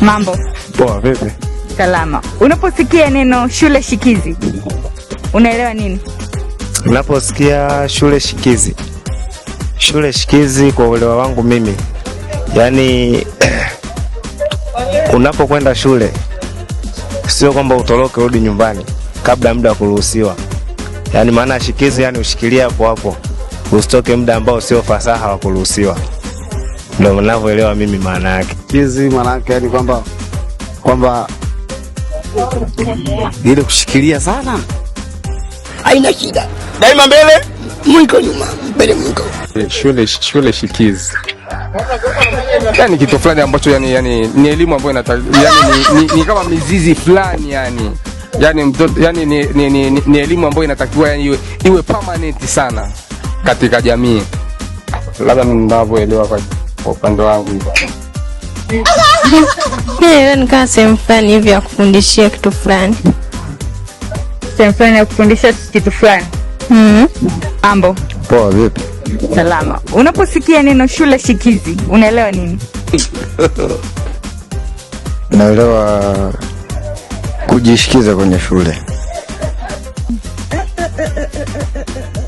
Mambo poa, vipi? Salama. Unaposikia neno shule shikizi unaelewa nini? Unaposikia shule shikizi, shule shikizi kwa uelewa wangu mimi, yaani unapokwenda shule sio kwamba utoroke urudi nyumbani kabla muda wa kuruhusiwa, yaani maana shikizi, yaani ushikilia hapo hapo, usitoke muda ambao sio fasaha wa kuruhusiwa ndo ninavyoelewa mimi maana yake chizi, maana yake yani kwamba kwamba ile kushikilia sana haina shida, daima mbele, mwiko nyuma, mbele mwiko. Shule shule shikizi yani kitu fulani ambacho yani yani ni elimu ambayo inata yani ni, ni, ni kama mizizi fulani yani yani mtoto yani ni, ni, ni, ni, elimu ambayo inatakiwa yani iwe, iwe permanent sana katika jamii, labda ndavyoelewa kwa kwa upande wangu hivyo sehemu fulani hivi ya kufundishia kitu fulani, sehemu fulani ya kufundisha kitu fulani. Mm-hmm. Ambo poa, vipi? Salama. Unaposikia neno shule shikizi unaelewa nini? Naelewa kujishikiza kwenye shule